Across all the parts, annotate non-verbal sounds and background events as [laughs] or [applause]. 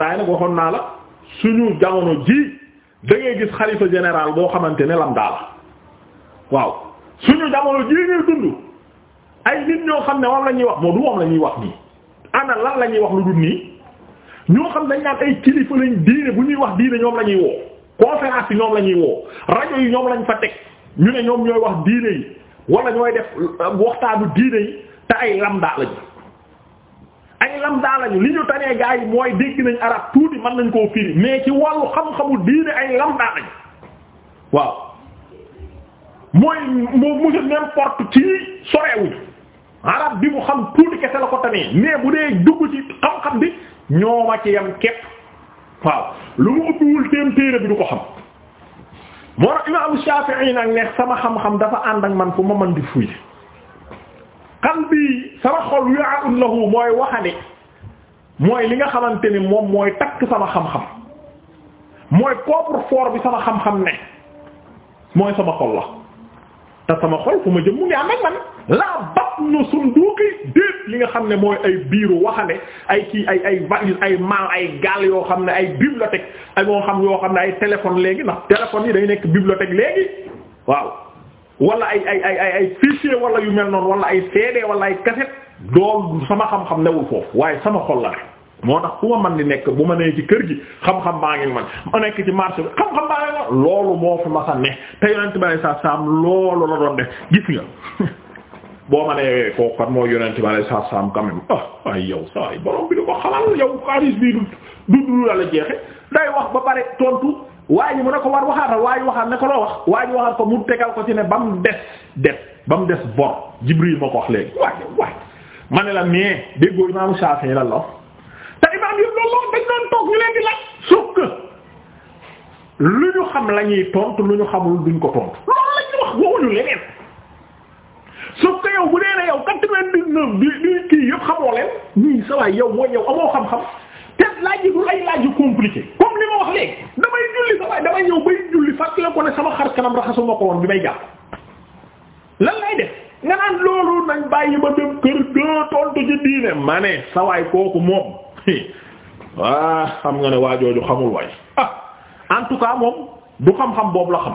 waaye nag waxoon naa la suñu jamono jii da gis xalifa général boo xamante ne lam daal waaw suñu jamono ji ngay dund ay nit ñoo xam ne moom la ñuy wax moo du moom la ñuy wax nii ana lan la ñuy wax lu dul nii ñoo xam dañ naan ay kilifa lañ diine bu ñuy wax diine ñoom la ñuy woo conférence ñoom la ñuy woo rajo yi ñoom lañ fa teg ñu ne ñoom ñooy wax diine yi wala ñooy def waxtaanu diine yi te ay lam daal lañu ay lam daalañu li ñu tanee gaa yi mooy dégg nañ arab tuuti man nañ koo firi mais ci wàllu xam-xamu diine ay lam daalañu waaw mooy moo monsieur n'importe ci sorewuñu arab bi mu xam tuuti kese la ko tamee mais bu dee dugg ci xam-xam bi ñoo ma ci yam képp waaw lu mu ubbiwul téem téere bi du ko xam moo tax imam Shafi'i nag ne sama xam-xam dafa ànd ak man fu ma mën di fuy xal bi sama xol wi'a'un lahu mooy waxane mooy li nga xamante ni moom mooy takk sama xam-xam mooy coffre-fort bi sama xam-xam ne mooy sama xol la te sama xol fu ma jëm mu ngi man laa batnu sunduuqi déet li nga xam ne mooy ay biiru waxane ay kii ay ay valise ay maal ay gaal yoo xam ne ay bibliothèque ak moo xam yoo xam ne ay téléphone léegi ndax téléphone yi day nekk bibliothèque léegi waaw wala ay ay ay ay ay fichier yu mel noonu wala ay CD wala ay cassette dool sama xam-xam newul foofu waaye sama xol la moo tax fu ma mën di nekk bu ma nee ci kër gi xam-xam baa ngi man ma nekk ci marché bi xam-xam baa ngi man loolu moo fi ma sa ne te yonent bale saa saam loolu la doon def gis nga [laughs] boo ma nee kooku moo yonent bale sa sa quand même ah ay yow saa borom bi du ko xalal yow xaalis bii du du du la jeexe day wax ba pare tontu waa ji mu ne ko war waxaatal waa ji waxaat ne ko loo wax waa ji waxaat ko mu tegal ko ci ne ba mu des det ba mu des bor Jibril moo ko wax léegi waaye waaye ma ne la mais déggoo imaamu Shafi'i la la te imaam yëpp loolu dañ doon toog ñu leen di laaj suuf que lu ñu xam la ñuy tontu lu ñu xamul duñ ko tontu loolu la ñuy wax waxuñu leneen sauf que yow bu dee ne yow quatre-vingt-dix-neuf bi kii yëpp xamoo leen nii sa yow mooy yow amoo xam-xam. te laaj yi dul ay laaj yu compliqué comme li ma wax léegi damay julli sa damay ñëw bay julli fàttali ko ne sama xar kanam raxasuma ko woon bi sa waay kooku moom waa [laughs] ah, xam nga ne waa jooju xamul waay ah en tout cas moom du xam-xam boobu la xam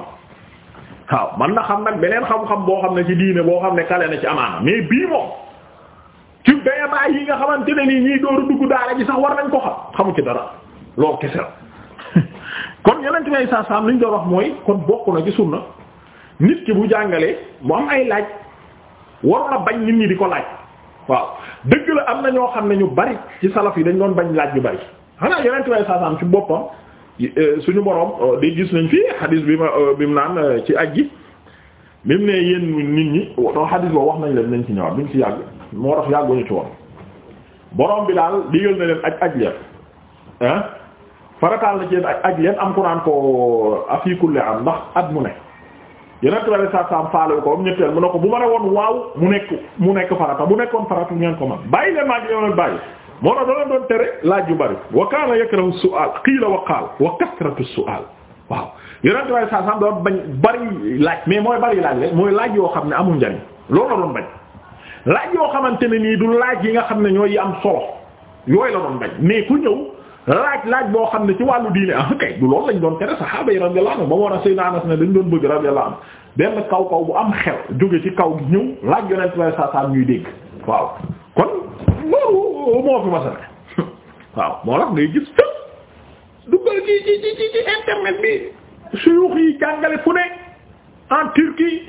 waaw man na xam nag beneen xam-xam boo xam ne ci diine boo xam ne kale na ci amaana mais bii moom ci dayamaa yi nga xamante ne nii ñiy dooru dugg daara ji sax war nañ ko xam xamu ci dara loolu kese la [laughs] kon yeneen may sa sam li doon wax mooy kon bokk na ci sunna nit ki bu jàngalee mu am ay laaj waru la bañ nit ñi di ko laaj waaw dëgg la am na ñoo xam ne ñu bari ci salaf yi dañ doon bañ laaj yu bari xanaa yeneen may sa sam ci boppam euh, suñu boroom euh, di gis nañ fi hadith bi ma euh, bi mu naan ci aj gi bi mu ne yéen nit ñi doo hadith boo wax nañ leen nañ ci ñëwaat duñ ci yàgg moo tax yàgguñu ci woon borom bi daal digal na leen aj aj leen farataal na ci leen aj aj leen am ku naan ko afi kulli am ndax at mu ne yeneen tubaab yi saa saa am ko am mu ne ko bu ma ne mu nekk mu nekk farata mu nekkoon farata ngeen ko man bàyyi leen maa ngi leen bàyyi moo tax da leen doon tere laaj yu bari wa kaana yakrahu su'aal qiila wa qaal wa kasratu su'aal waaw yeneen tubaab yi saa saa bañ bari laaj mais mooy bari laaj rek mooy laaj yoo xam ne amul njariñ loolu laaj yoo xamante ne nii du laaj yi nga xam ne ñooy yi am solo yooyu la doon bañ mais ku ñëw laaj laaj boo xam ne ci wàllu diine ah kay du loolu lañ doon tere saxaaba yi radiyallahu anhu ba mu war a Seydina Anas ne dañ doon bëgg radiyallahu anhu benn kaw kaw bu am xel jóge ci kaw gi ñëw laaj yonent lay saa saa ñuy dégg waaw kon loolu moo fi ma sene [laughs] waaw moo tax ngay gis fépp duggal ci ci ci ci internet bi suyuux yi jàngale fu nekk en Turquie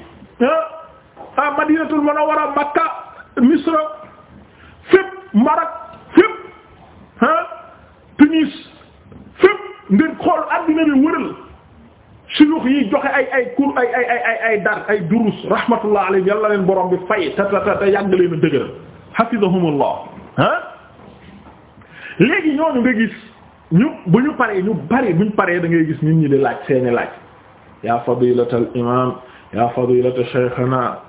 ah Madinatul Munawwara Makka Misra fépp Maroc fépp ah Tunis fépp ngir xool addina bi wëral suyux yi joxe ay ay cours ay ay ay ay dar ay durus rahmatullah alayhi yàlla leen borom bi fay ta ta ta te yàgg leen a dëgëral hafizahumullah ah léegi ñooñu nga gis ñu bu ñu paree ñu bari bu ñu paree da ngay gis nit ñi di laaj seeni laaj ya fadilatal imam ya fadilata shaykhana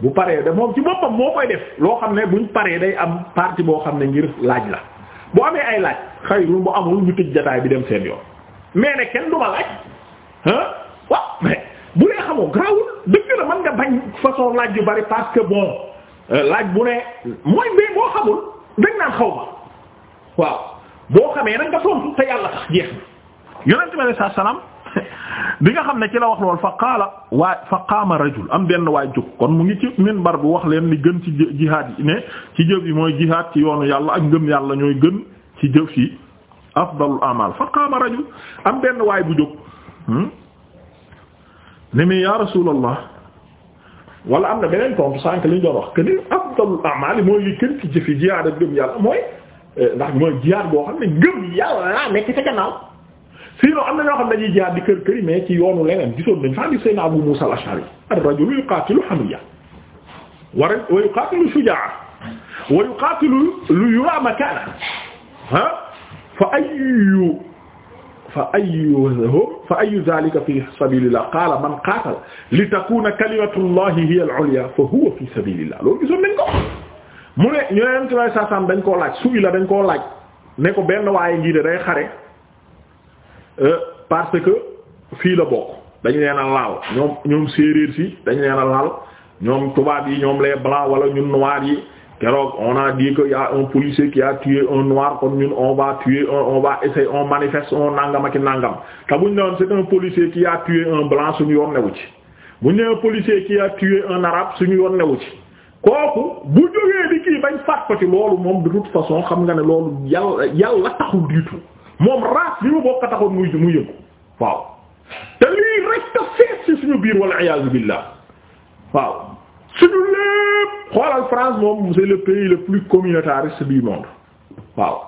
bu paree de moom ci boppam moo koy def loo xam ne buñ paree day am partie boo xam ne ngir laaj la bu amee ay laaj xayrul bu amul ñu tëj bi dem seen yoon mais ne kenn du ma laaj ah waaw mais bu dee xamoo grawul dëgg nga bañ façon laaj bari parce que bon euh, laaj bu ne mooy naan xaw ma waaw boo xamee nag nga te yàlla sax jeex na yonent bi sallallahu alayhi [laughs] bi nga xam ne ci la wax lool fa qaala waa fa qaama rajul am benn waay jóg kon mu ngi ci minbar bi wax leen li gën ci jihaad yi ne ci jëf yi mooy jihaad ci yoonu yàlla ak ngëm yàlla ñooy gën ci jëf yi afdalul amal fa benn waay bu jóg hmm? ne am na beneen tontu sànq li ñu wax que ni afdalul amal mooy yàlla mooy eh, ndax mooy jihaad boo xam ne ngëm yàlla nekk ci gannaaw sinon am na ñoo xam dañuy jihaad di kër këri mais ci yoonu leneen gisoon nañ fa di sayna Abu Musa al-Ash'ari ar-rajulu yuqatilu hamiya wa yuqatilu shuja'a wa yuqatilu li yura makana ha fa ayyu fa ayyuhum fa ayyu dhalika fi sabilillah qala man qatala li takuna kalimatullahi hiya al-ulya fa huwa fi sabilillah loolu gisoon nañ ko mu ne ñoneent way sasam dañ koo laaj su ila dañ koo laaj ne ko benn waaye ngi de day xare Euh, parce que fii la bokk dañ leen a laal ñoom ñoom séeréer si dañ leen a laal ñoom tubaab yi ñoom les blancs wala ñun noirs yi keroog on a dit que y a un policier qui a tué un noir kon ñun on va tuer on va essayer on manifeste on nangam ak nangam te bu ñu nee woon c'est un policier qui a tué un blanc suñu yoon newu ci bu ñu nee un policier qui a tué un arabe suñu yoon newu ci kooku bu jógee di kii bañ faat ko ci loolu moom de toute façon xam nga ne loolu yàlla yàlla taxul moom race bi mu bokk a taxoon muy muy yëngu waaw te lii rek ta fees suñu biir wala iyaazu billah waaw suñu lépp xoolal France moom c'est le pays le plus communautariste du monde waaw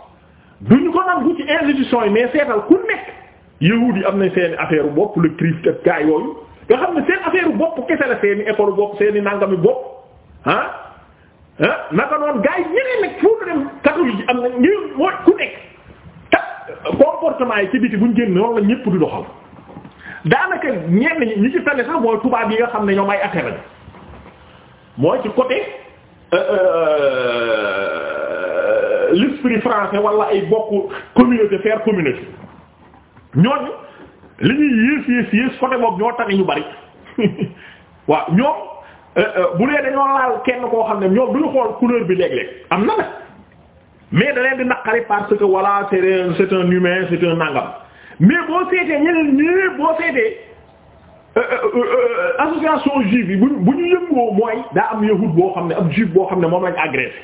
duñu ko nangu ci institution yi mais seetal ku nekk yahuud yi am nañ seeni affaire bopp le CRIF ak gaa yooyu nga xam ne seen affaire bopp kese la seeni école bopp seeni nangami bopp ah ah naka noonu gaa yi ñeneen nag foofu dem catholique am na ñi mooy ku nekk comportement yi ci biti buñ génn loolu la ñëpp di doxal daanaka ñenn ñi ñi ci tane sax mooy tubaab yi nga xam ne ñoom ay affaire lañu mooy ci côté euh, euh, euh, l'esprit français wala ay bokk communauté faire communauté ñooñu li ñuy yées yées yées côté boobu ñoo tane ñu bari [laughs] waaw ñoom bu dee dañoo laal kenn koo xam ne ñoom duñu xool couleur bi léeg-léeg am na nag. mais da leen di naqari parce que voilà c'est c'est un humain c'est un nangam mais boo seetee ñeneen ñëpp boo seetee euh, euh, euh, association juive yi bu bu ñu yëngoo mooy daa am yahud boo xam ne ab juif boo xam ne moom lañ agressé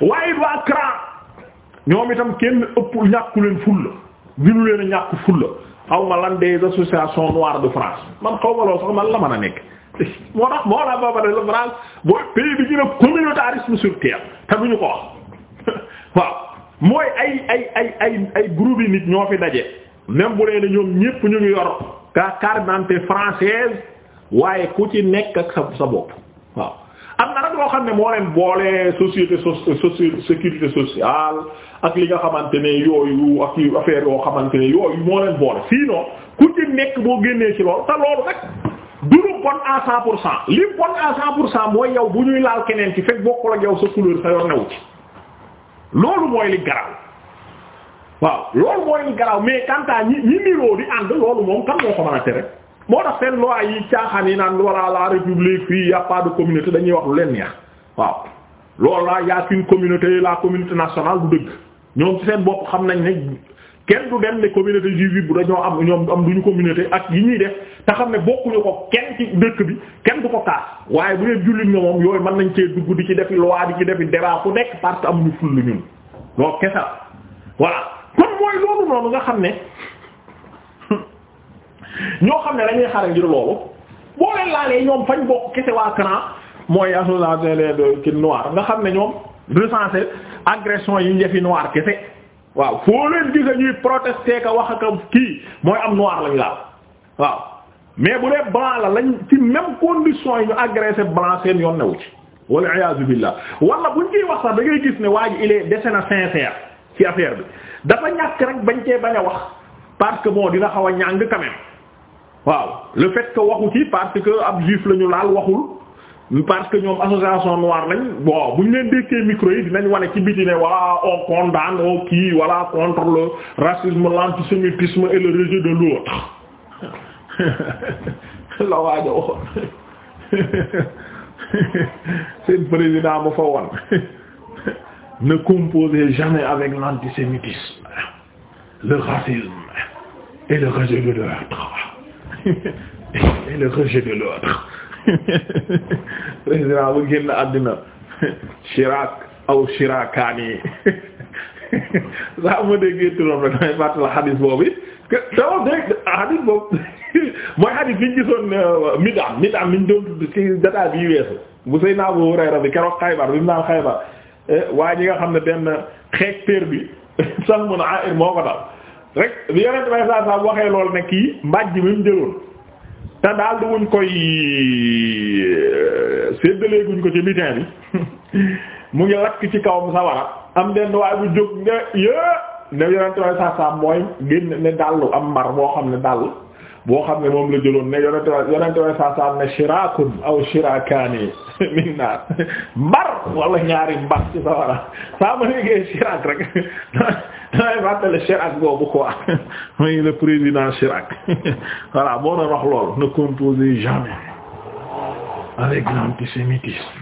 waaye it waa ñoom itam kenn ëpp ñàkku leen fulla ginu leen a ñàkk fulla xaw ma lan de associations noires de France man xaw ma loolu sax man la mën a nekk [laughs] moo tax moo la ba pare la France boo pays bi gën a communautarisme sur terre te duñu ko waaw mooy ay ay ay ay ay groupe yi nit ñoo fi daje même bu leen ñoom ñépp ñu ngi yor ka carte d'identité waaye ku ci nekk ak sa sa bopp waaw am na nag loo xam ne moo leen boole société soci sécurité sociale ak li nga xamante ne yooyu ak yu affaire yoo xamante ne yooyu moo leen boole sinon ku ci nekk boo génnee ci loolu te loolu rek du lu bon à cent pour cent li bon à cent pour cent mooy yow bu ñuy laal keneen ci fekk bokkul ak yow sa couleur sa loolu mooy li garaaw waaw loolu mooy li garaaw mais kantaa ñi ñi niroo di ànd loolu moom kan moo ko mën a tere moo tax seen loi yi caaxaan yi naan walla la république fii y de communauté dañuy wax lu leen neex waaw loolu laa y a une communauté la communauté nationale du dëgg ñoom ci seen bopp xam nañ ne kenn du dem ne communauté juive bi bu dañoo am ñoom am duñu communauté ak yi ñuy def te xam ne bokkuñu ko kenn ci dëkk bi kenn du ko kaas waaye bu dee jullit nga moom yooyu mën nañ cee dugg di ci defi loi di ci defi débat ku nekk parce que amuñu full ñun loolu kese la voilà kon mooy loolu noonu nga xam ne [laughs] ñoo xam ne dañuy xare ngir loolu boo ñoom fañ bokk kese waa mooy association de kii xam ne ñoom recensé agression yi ñu defi noir kese waaw foo leen gis ñuy protester ka wax ak kii mooy am noir lañ laal waaw. mais bu dee blanc la lañ ci même condition yi ñu agressé blanc yoon newu ci wala iyaazu billah wala buñ ciy wax sax da gis ne waa ji il dese na sincère ci affaire bi dafa ñàkk rek bañ kee bañ a wax parce que bon dina xaw a ñàng quand même waaw le fait que waxu ci parce que ab juif la ñu laal waxul parce que ñoom association noire lañ bon buñ leen dékkee micro yi dinañ wane ci biti ne voilà on condamne au kii voilà contre le racisme l'antisémitisme et le rejet de [laughs] la waaja waxoon [laughs] seen président bu fa woon [laughs] ne composez jamais avec l'antisémitisme le racisme et le rejet de l'autre et le rejet de l'autre président bu génn àddina Chirac aw Chiracani saa ma déggee turam rek damay fàttali xadiis boobu taw direct hadith boobu [laughs] mooy hadith liñ gisoon midam midam liñ doon tudd ci data bi weesu bu sëy naa Abu Hurayra bi keroog Xaybar bi mu naan Xaybar eh, waa ji nga xam ne benn xeecteur bi sax mun a air moo ko dal rek bi yonent bay saa saa waxee lool ne kii mbàjj bi mu jëloon te daal di wuñ koy euh, séddaleeguñ ko ci mitin [laughs] mu sawara am denn waaye bu jóg nga yë ne yonentu way saasaam mooy génn ne dàll am mar boo xam ne dàll boo xam ne moom la jëloon ne yonentu way yonentu way saasaam ne shirakun aw shirakaani min mbar wala ñaari mbar ci sa wara saa ma léegi shirak rek damay fàttali Chirac boobu quoi mooy le président Chirac voilà boo doon wax loolu ne composez jamais avec l'antisémitisme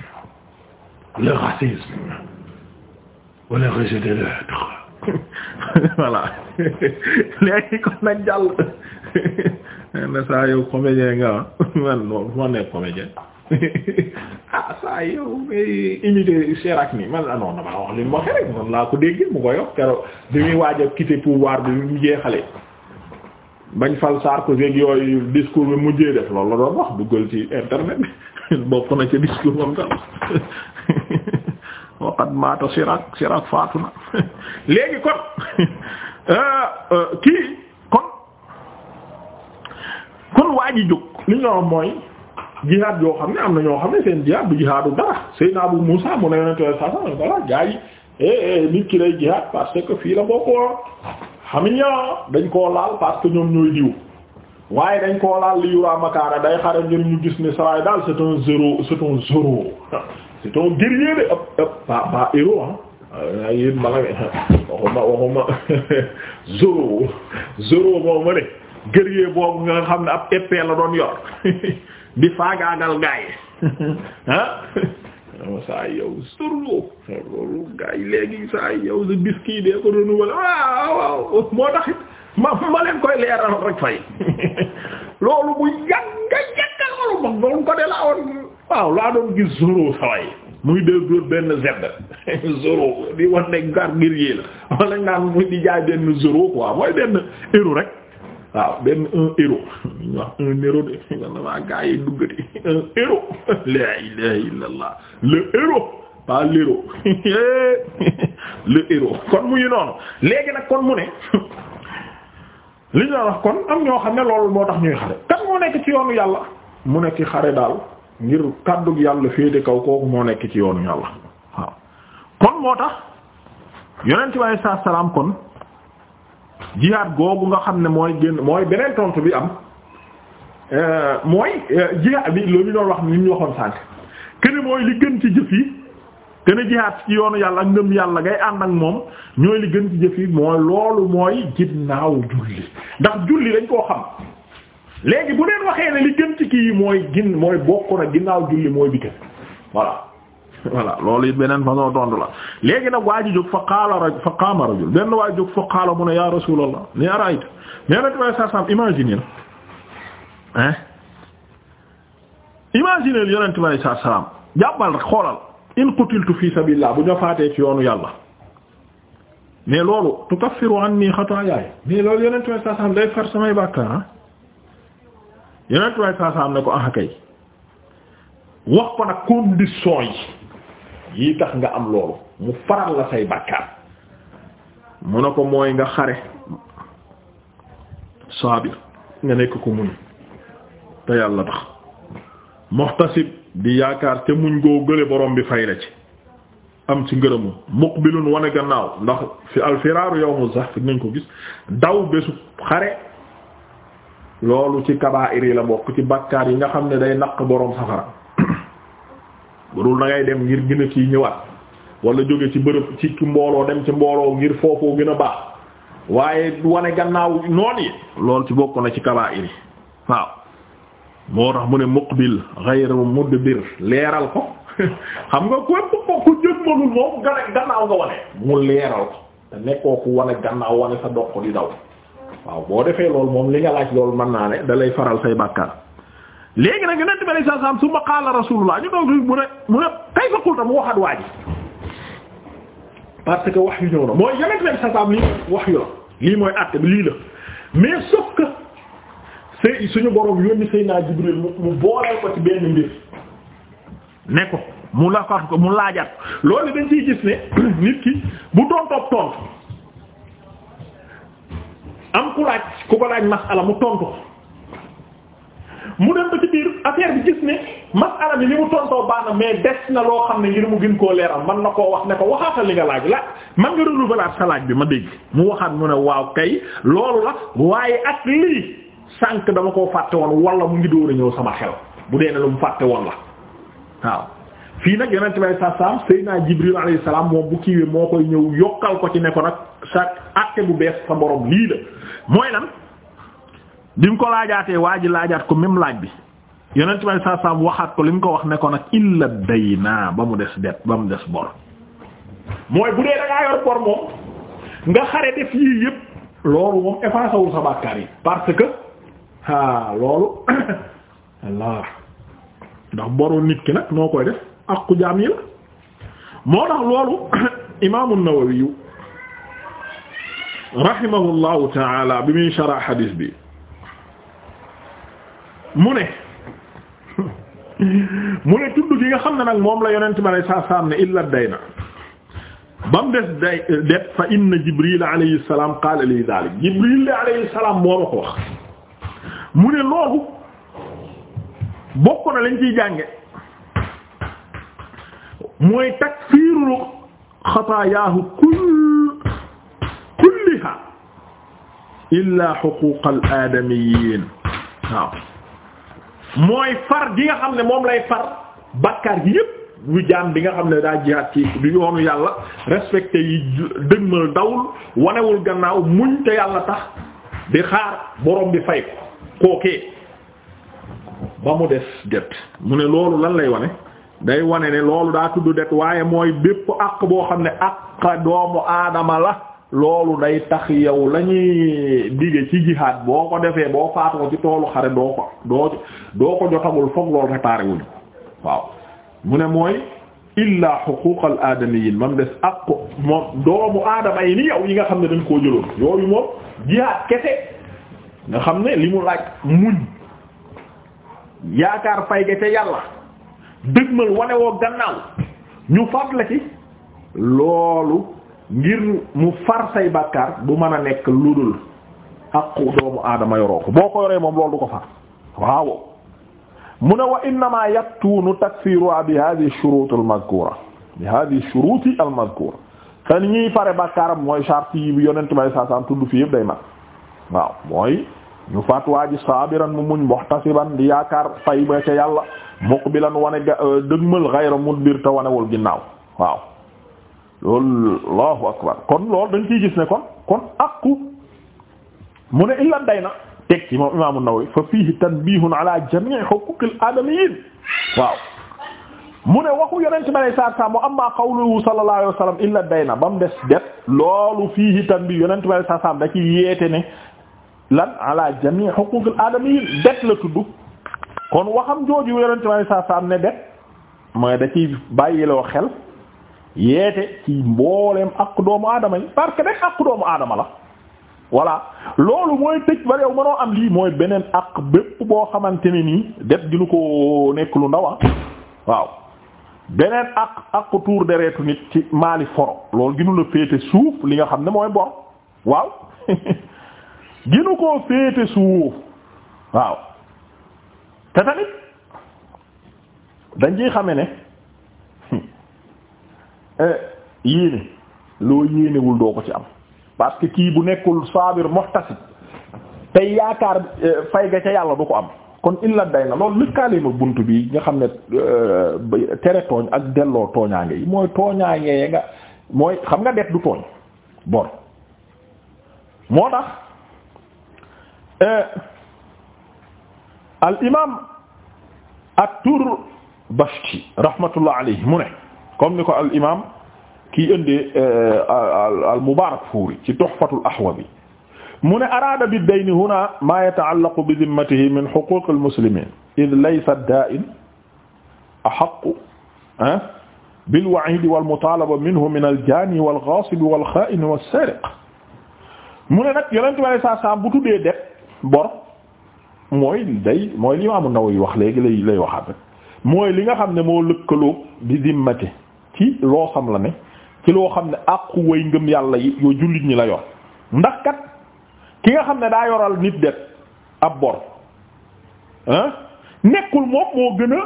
le racisme wala rejet de l'autre [laughs] voilà [laughs] léegi kon nag jàll [laughs] ne saa yow comédien nga ah. man non ma ne comédien ah saa yow ngay imité Chirac ni man ah, non damaa wax li mu waxee rek laa ko déggee mu koy wax keroog bi muy waaj a pouvoir bi mu jeexalee bañ fal Sarkozy ak yooyu discours bi mujjee def loolu la na ci discours am tam waqad maata Siraak Siraak faatu na léegi kon euh, euh, kii kon kon waa ji jóg li ñu mooy jihaad yoo xam ne am na ñoo xam ne seen jihaad du jihaadu dara Seydina Abu Muusaa mu ne yonent saa saa voilà gaa yi eh, eh, nit ki lay jihaad parce que fii la bokkoo xam nga ah, dañ koo laal parce que ñoom ñooy diw waaye dañ koo laal li yuraa makaara day xare ngir ñu gis ne saa daal c'est zéro c'est zéro. c'est un guerrier de ab ab pas pas héros ah yéen ma la [laughs] waxuma waxuma [laughs] Zoro Zoro moom ne guerrier boobu nga xam ne ab épée la doon yor [laughs] di faagaagal gaa yi ah. saa yow Zoro loolu gaa léegi saa yow si biski dee ko renouveler waaw waaw moo taxit ma ma leen koy leeral rek fay loolu bu yàgg yàgg loolu moom loolu ko de la woon. waaw laa doon gis zoro saway muy dee dóor benn zedd [laughs] zoro di wan ne gar guerrier la wala naan muy di jaay benn zoro quoi mooy benn [laughs] [laughs] kon mu noonu léegi nag kon mu ne li ñu wax kon am ñoo xam ne loolu moo tax ñuy xare kan moo nekk ci yoonu yàlla mu nekk xare daal ngir kàddug yàlla di kaw kooku moo nekk ci yoonu yàlla waaw kon moo tax yonent waaye saa salaam kon jihaad googu nga xam ne mooy génn mooy beneen tontu bi am euh, mooy euh, jihaad bi loolu ñu doon wax ni ñu waxoon sànk kene mooy li gën ci jëf yi a jihaad ci yoonu yàlla ak ngëm yàlla ngay ànd ak moom ñooy li gën ci jëf yi mooy loolu mooy ginnaaw julli ndax julli dañ koo xam léegi bu leen waxee ne li gën ci kii mooy gin mooy bokk na ginnaaw julli mooy bi voilà [laughs] voilà loolu it beneen façon tontu la léegi nag waa ji jóg fa qaala rajul fa qaama rajul benn waa ji jóg fa qaala mu ne ya rasulallah ni arayta mais nag waaye saa saam imaginer hein imaginer yonent bi saa salaam jàppal rek xoolal in qutiltu fi sabilillah bu ñu faatee ci yoonu yàlla mais loolu tukaffiru anni xataayaay mais loolu yonent bi saa samay bàkkaar yonent way saa saam ne ko ah kay wax ko nag condition yi yi tax nga am loolu mu faral la say bàkkaar mu ko mooy nga xare saabir nga nekk ko muñ te yàlla tax muhtasib di yaakaar te muñ goo gële borom bi fay la ci am ci ngërëmu muqbilun wane gannaaw ndax fi alfiraaru yawmu zahf nañ ko gis daw bésu xare loolu ci kabaa'ir yi la bokk ci bakkaar yi nga xam ne day naq boroom safara bu dul da dem ngir gën a kii ñëwaat wala jóge ci bërëb ci mbooloo dem ci mbooloo ngir foofoo gën a baax waaye wane gannaaw noon yi loolu ci bokk na ci kabaa'ir yi waaw moo tax mu ne muqbil ghayru mudbir leeral ko xam nga képp ko ku jëmmalul moom gannaaw nga wane mu leeral ko te nekkoo wane gannaaw wane sa doq di daw waaw boo defee loolu moom li nga laaj loolu mën naa ne dalay faral say bàkkaar léegi nag yonent bi sallallahu alayhi wasallam summa qaala mu ne mu ne kayfa qulta mu waxaat waa ji que wax yu ñëw na mooy yonent bi sallallahu alayhi wasallam lii wax mooy àtte bi lii la mais sauf que sëy suñu borom yónni Seydina Jibril mu ko ci benn mbir ne ko mu la ko mu laajaat loolu dañ ciy gis ne nit ki bu doon tontu. am ku laaj ku ko laaj ala mu tontu mu dem ba ci biir affaire bi gis ne masala bi li mu tontoo baax na mais des na loo xam ne ngir mu gën koo leeral man na koo wax ne ko waxaatal li nga laaj la man nga renouveler sa laaj bi ma dégg mu waxaat mu ne waaw kay loolu la waaye ak lii sànq dama koo fàtte woon wala mu ngi dóor a ñëw sama xel bu dee ne lu mu fàtte woon la waaw. fii nag yonent bay sa sam Seydina Jibril alayhi salaam moom bu kiiwee moo koy ñëw yokkal ko ci ne nag sa àtte bu bees sa borom lii la mooy lan bi mu ko laajaatee waa ji laajaat ko même laaj bi yonent bay sa sam waxaat ko li mu ko wax ne ko nag illa day naa ba mu des det ba mu des bor mooy bu dee da yor bor moom nga xare def yii yépp loolu moom effacé sa bàkkaar yi parce que ah loolu [coughs] Allah ndax boru nit ki nag noo koy def aqu jaam yi la moo tax loolu [coughs] imaamu Nawawi rahimahullahu taala bi muy shara xadiis bi mu ne [laughs] mu ne tudd gi xam ne nag moom la yonent bi alayhi salaam ne illa dayna ba mu des day det fa inna Jibril li daalik Jibril salaam moo ma ko mu ne loolu bokk na lañ ciy jànge mooy takfiiru xataayaahu kull kulliha illaa xuquuqal aadamiyiin waaw mooy far gi nga xam ne moom lay far bakkaar gi yépp bu jaam bi nga xam ne daa jihaat ci du yoonu yàlla respecté yi dëgmal dawul wanewul gannaaw muñ te yàlla tax di xaar borom bi fay ko kookee ba mu des gët mu ne loolu lan lay wane day wane ne loolu daa tudd det waaye mooy bépp àq boo xam ne àq doomu aadama la loolu day tax yow lañuy ñuy ci jihaad boo ko defee boo faatoo ci toolu xare doo ko doo ko jotagul foog loolu réparé wuñu waaw mu ne mooy illa xuquqal aadamiyin mam des àq moom doomu aadama yi ni yow yi nga xam ne dañ koo jëloon yooyu moom jihaad kese nga xam ne li mu laaj muñ yaakaar fay ga ca yàlla dëgmal wane woo gannaaw ñu faat la loolu ngir mu far say bàkkaar bu mën a nekk lu dul aqu doomu aadama yoroo boo ko yoree moom loolu du ko far waaw mu ne wa innama yaktuunu takfiruha bi hadhihi shurut al mazkura bi hadhihi shuruti al mazkura te ni ñuy pare bàkkaaram mooy charte yi yonent bay saa sam tudd fi yëpp day mat waaw mooy ñu faat waa ji sabiran mu muñ muhtasiban di yaakaar fay ba ca yàlla muqbilan wane ga euh, dëgmal ghayra mudbir te wanewul ginnaaw waaw loolu allahu akbar kon lool dañ ciy gis ne kon kon aqu mu ne illa day na teg ci moom imaamu Nawawi fa fiihi tanbihun ala jami' huquqil aadamiyyin waaw mu ne waxu yonent bi alayhi salaatu wa salaam wa amma qawluhu sallallahu illa dayna ba mu def det loolu fiihi tanbih yonent bi alayhi salaatu yeete ne lan ala jamii xuquqil aadamiyin det la tudd kon waxam jooju yorente ma saa saam ne det mooy da ciy bàyyiloo xel yeete ci mbooleem ak doomu aadama yi park que rek ak doomu aadama la voilà loolu mooy tëj ba yow mënoo am lii mooy beneen ak bépp boo xamante ne nii det dinu ko nekk lu ndaw ah. waaw beneen ak ak tuur deretu nit ci maali foro loolu ginu la féete suuf li nga xam ne mooy bor waaw [laughs] ginu koo féete suuf waaw te tamit dañ ciy xame ne [laughs] eh, yéene loo yéenewul doo ko ci am parce que kii bu nekkul sabir muhtasib tey yaakaar eh, fay ga ca yàlla du ko am kon illa day na loolu lëkkaaleema bunt bi nga xam ne eh, tere tooñ ak delloo tooñaange yi mooy tooñaange nga mooy xam nga det du tooñ bor moo tax Eh, al imaam at-Turbashti rahmatullah alayhi mu ne comme ni ko al imaam kii indi eh, al Mubarakfuri ci Tuhfatul Ahwazi mu ne araada bi dayni huna maa yata'allaqu bi zimmatihi min huquuqi al-muslimiin id laysa ad-daa'in ahaqqu eh, bil-wa'iidi wal-mutaalaba minhu min al-jaani wal-ghaasib wal-khaa'ini was-saariq mu ne nag yonent bi alayhi salaam bu tuddee det bor mooy day mooy li Imaamu yi wax léegi lay lay waxaat mooy li nga xam ne moo lëkkaloo di dimmate ci loo xam la ne ci loo xam ne àqu way ngëm yàlla yi yoo jullit ñi la yor ndax kat ki nga xam ne daa yoral nit det ab bor nekkul moom moo gën a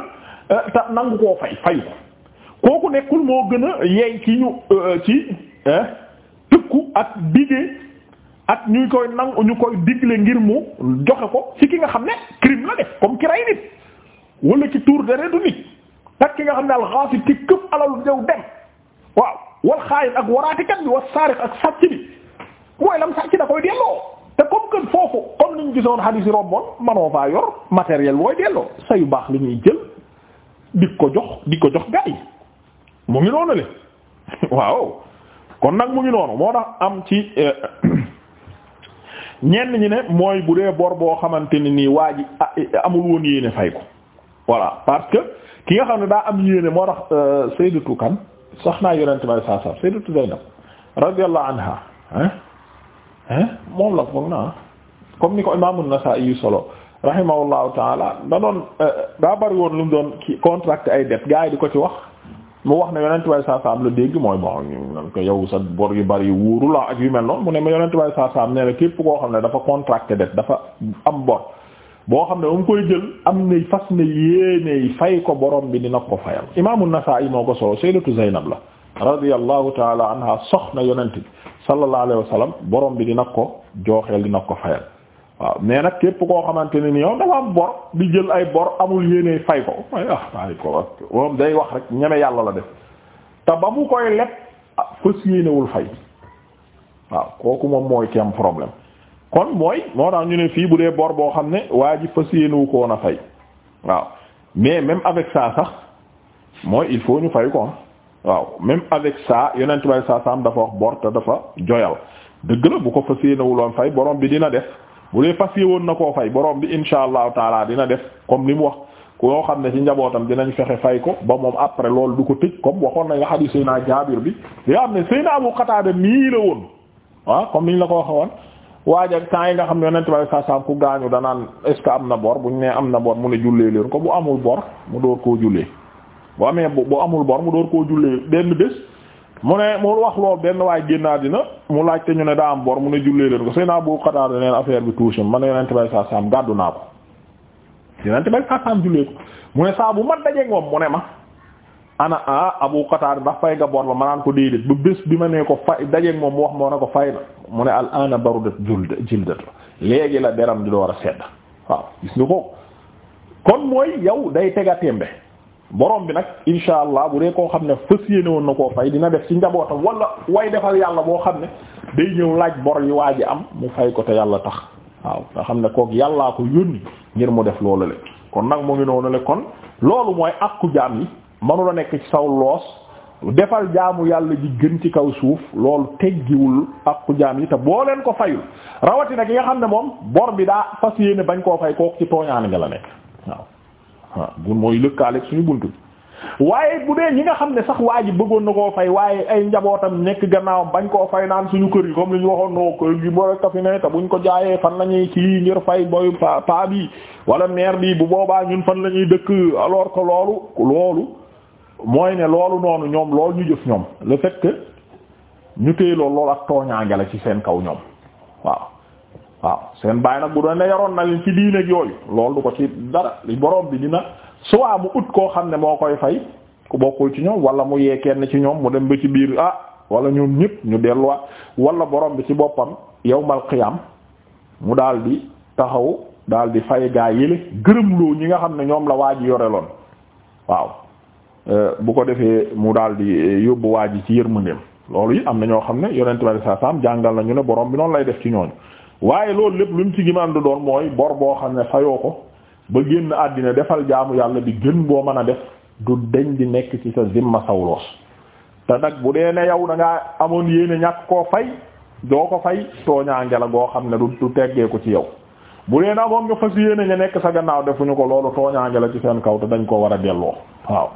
euh, ta nangu koo fay fayu ko kooku nekkul moo gën a yeey ci ñu euh, ci tëkku ak digee ak ñu koy nangu ñu koy digle ngir mu joxe ko ci ki nga xam ne crime la def comme ki rey nit wala ci tuur deretu nit ak ki nga xam ne al-ghaasib ci këpp alalu jëw dem waaw wal xaayit ak waraatikat bi wa saariq ak sàcc bi mooy lam sàcc da koy delloo te comme que foofu comme niñ gisoon xadiis yi manoo faa yor matériel booy delloo sa yu baax li ñuy jël di ko jox di ko jox gaa yi mu ngi noonu le [laughs] waaw kon nag mu ngi noonu moo tax am ci euh, ñenn ñi ne mooy bu dee bor boo xamante ne nii waa ji amul woon yéene fay ko voilà parce que ki nga xam ne daa am yéene moo tax euh, sayyidatu kan sax naa yonent bay saa saa sayyidatu Zaynab radiyallahu anha hein hein moom la foog naa comme ni ko Imaam An-Nasaa'i yu solo rahimahullahu taala da doon euh, daa bari woon lu mu doon contracté ay dette gaa yi di ko ci wax mu wax na ne yonent way saasaam la dégg mooy bon nan ko yow sa bor yu bari wóoru la ak yu mel noonu mu ne ma yonent way saasaam nee na képp koo xam ne dafa contracté det dafa am bor boo xam ne ba mu koy jël am na fas na yéene fay ko borom bi dina ko fayal imaamu Nasaa'i moo ko solo sayyidatu Zaynab la radiyallahu taala anha soxna yonent bi sallallahu alayhi wa sallam borom bi dina ko jooxeel dina ko fayal waaw mais nag képp koo xamante ne nii yow dafa am bor di jël ay bor amul yéene fay ko ay ah ko day wax rek ñeme yàlla la def te ba mu koy leb ah, waaw kooku moom mooy ki problème kon mooy moo tax ñu ne fii bu dee bor boo xam ne waa ji fës yéenewu ko woon a fay waaw mais même avec ça sax mooy il faut ñu fay ko ah. waaw même avec ça yonent bay saa saam dafa wax bor te dafa joyal dëgg la bu ko fës yéenewuloon fay borom bi dina def bu dee fas yéwoon na koo fay borom bi insha allahu taala dina def comme li mu wax koo xam ne ci njabootam dinañ fexe fay ko ba moom après loolu du ko tëj comme waxoon na nga xam ne Seyna Jaabir bi di ne Seyna Abu Qataada mii la woon ah comme la ko waxee woon waaye ak yi nga xam ne yonent bi saa saam ku gaañu danaan est que am na bor bu ñu nee am na bor mu ne jullee leen ko bu amul bor mu door koo jullee bu amee bu amul bor mu door koo jullee benn bés. mu ne mu wax lool benn waay génn àddina mu laaj laajte ñu ne daa am bor mu ne jullee leen ko Seydina Abu Qatada neen affaire bi touché ma ne yonent bay saa saam gàddu naa ko yonent bay saa saam jullee ko mu ne saa bu ma dajeeg moom mu ne ma ana a Abu Qatada ndax fay nga bor la ma naan ko déedéet bu bés bi ma nee ko fay dajeeg moom mu wax ma ne ko fay na mu ne al ana barudat julda jildat léegi la deram di door a sedd waaw gis nga ko kon yow day tega tembe borom bi nag insha allah bu dee koo xam ne fas yéene woon na koo fay dina def ci njabootam wala way defal yàlla boo xam ne day ñëw laaj bor yi waa ji am mu fay ko te yàlla tax waaw nga xam ne kook yàllaa ko yónni ngir mu def loolu le kon nag mu ngi noonu le kon loolu mooy àqu jaam yi manu la nekk ci saw loos defal jaamu yàlla ji gën ci kaw suuf loolu teggiwul àqu jaam yi te boo leen ko fayul rawati rawatina ki nga xam ne moom bor bi daa fas yéene bañ koo fay kooku ci tooñaan waaw gun mooy lëkkaaleeg suñu bunt bi waaye bu dee ñi nga xam ne sax waa ji bëggoon na koo fay waaye ay njabootam nekk gannaawam bañ koo fay naan suñu kër yi comme li ñu waxoon no kër gi boo rek fi ne te buñ ko jaayee fan la ñuy ci ngir fay boy paa bi wala meer bi bu boobaa ñun fan la ñuy dëkk alors que loolu loolu mooy ne loolu noonu ñoom loolu ñu jëf ñoom le fait que ñu téye loolu loolu ak tooñaange la ci seen kaw ñoom waaw waaw seen baay nag bu doon ne yaroon na leen ci diine yooyu loolu du ko ci dara li borom bi dina soit mu ut koo xam ne moo koy fay ku bokkul ci ñoom wala mu yee kenn ci ñoom mu dem ba ci biir ah wala ñoom ñëpp ñu delluwaat wala borom bi ci boppam yawmal qiyam mu daal taxaw daal di fay gaa yële ñi nga xam ne ñoom la waa ji yore loon waaw euh, bu ko defee mu daal di euh, yóbbu waa ji ci yërmandeem loolu yi am na ñoo xam ne yonent bi sallallahu alayhi wasallam jàngal nañu ne borom bi noonu lay def ci ñooñu. waaye loolu lépp lu mu ci giman du doon mooy bor boo xam ne fayoo ko ba génn àddina defal jaamu yàlla bi gën boo mën a def du deñ di nekk ci sa zimma sawloos te nag bu dee ne yow da ngaa amoon yéene ñàkk koo fay doo ko fay tooñaange la goo xam ne du du teggee ko ci yow bu dee ne amoon nga fas yéene ña nekk sa gannaaw ñu ko loolu tooñaange la ci seen kaw te dañ ko war a delloo waaw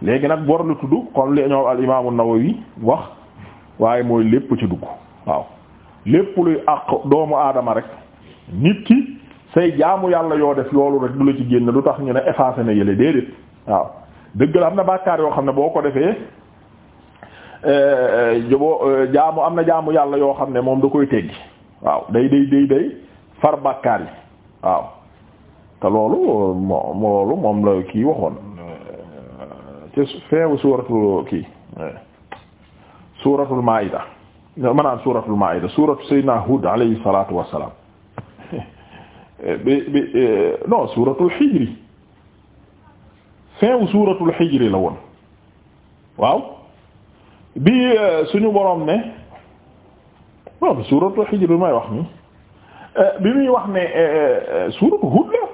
léegi nag bor lu tudd comme li ñoom al imaamu Nawawi wax waaye mooy lépp ci dugg waaw lépp luy àq doomu aadama rek nit ki say jaamu yàlla yoo def loolu rek du la ci génn lu tax ñu ne effacé na yële déedéet waaw dëgg la am na bàkkaar yoo xam ne boo ko defee euh, joboo euh, jaamu am na jaamu yàlla yoo xam ne moom da koy teggi waaw day day day day far bàkkaar yi waaw te loolu moom la kii waxoon euh, ci feewu suuratul kii suuratul maayida ma naan suuratul maa'ida suuratu sayyidina Hud alayhi salaatu wa salaam bi bi non suuratul Hijri fin wu suuratul Hijri la woon waaw bi suñu boroom ne non suuratul Hijri bi may wax ni bi muy wax ne suuratu Hud la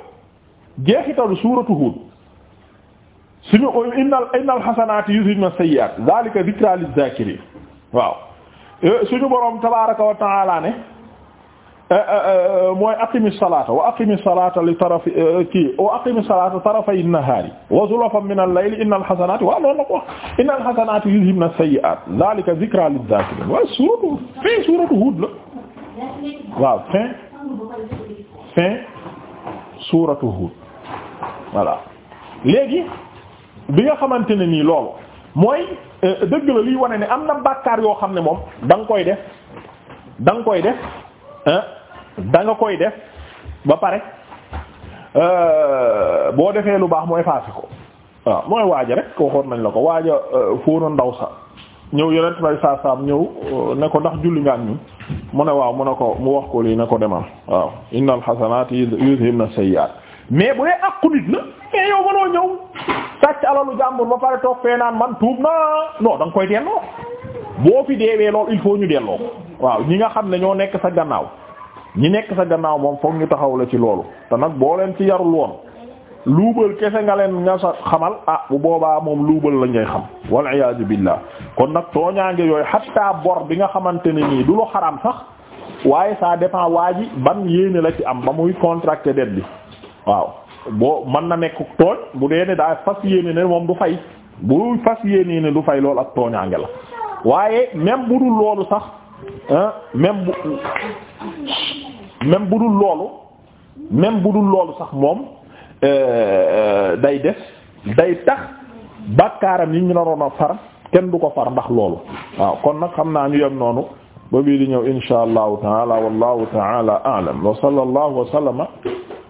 jeexital suuratu Hud suñu innal innal hasanaati yuzhibna sayyi'aat zaalika zikraa liz-zaakiriin waaw. Eh, suñu borom tabaaraka wa ta'aala ne eh, eh, mooy aqimi salaata wa aqimi salaata li tarafi kii wa aqimi salaata tarafay nahaari wa zulafan min al-layli innal hasanaati waaw loolu la ko wax innal hasanaati yuzhibna as-sayyi'aat dhaalika dhikraa lidh-dhaakiriin waaw suuratu fin suuratu Huud la waaw fin fin suuratu Huud voilà léegi bi nga xamante ne nii loolu mooy. Euh, dëgg la liy wane ni am na bàkkaar yoo xam ne moom da nga koy def da koy def da nga koy def ba pare euh, boo defee lu baax mooy faase ko waaw mooy waaja rek waxoon nañ la ko waaja euh, fóonoon ndaw sa ñëw yonent bay saa saam ñëw ne ko ndax julli nga ñun mu ne waaw mu ne ko mu wax ko lii ne ko demal waaw innal xasanaati yuzhibna sayyi'aat mais bu dee àqu nit la mais yow mënoo ñëw sàcc alalu jàmbur ba pare toog fee naan man tuub naa noo da koy delloo boo fi deewee lool il faut ñu delloo waaw ñi nga xam ne ñoo nekk sa gannaaw ñi nekk sa gannaaw moom foog ñu taxaw la ci loolu te nag boo leen ci yarul woon luubal kese nga leen nga sa xamal ah bu boobaa moom luubal la ngay xam wal iyaazu billaah kon nag tooñaange yooyu xatta bor bi nga xamante ne nii du lu xaraam sax waaye ça dépend waa ji ban yéene la ci am ba muy contracté dette bi waaw boo mën na nekk tooñ bu dee ne daa fas yéene ne moom du fay bu fas yéene ne du fay loolu ak tooñaange la waaye même bu dul loolu sax même bu même bu dul loolu même bu loolu sax moom euh, euh, day des day tax bàkkaaram yi ñu naroon a far kenn du ko far ndax loolu waaw kon nag xam naa ñu yem noonu ba bii di ñëw insha allahu taala wallahu taala a'lam wa sallallahu wa sallama